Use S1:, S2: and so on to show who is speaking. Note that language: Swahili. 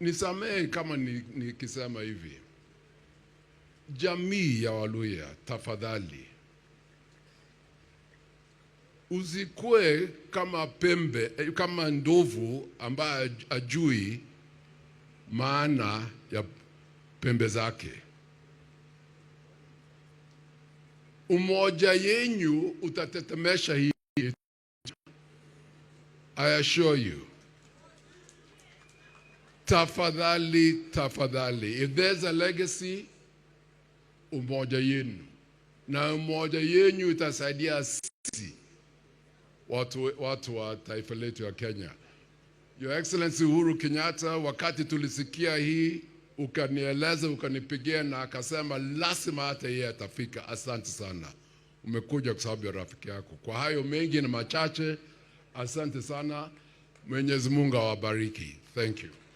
S1: Nisamehe kama nikisema ni hivi, jamii ya Waluya, tafadhali usikue kama pembe eh, kama ndovu ambaye ajui maana ya pembe zake. Umoja yenyu utatetemesha hii, I assure you tafadhali, tafadhali, if there's a legacy, umoja yenu na umoja yenu itasaidia sisi watu, watu wa taifa letu ya Kenya. Your Excellency Uhuru Kenyatta, wakati tulisikia hii ukanieleza, ukanipigia na akasema lazima hata yeye atafika. Asante sana, umekuja kwa sababu ya rafiki yako. Kwa hayo mengi na machache, asante sana. Mwenyezi Mungu awabariki. Thank you.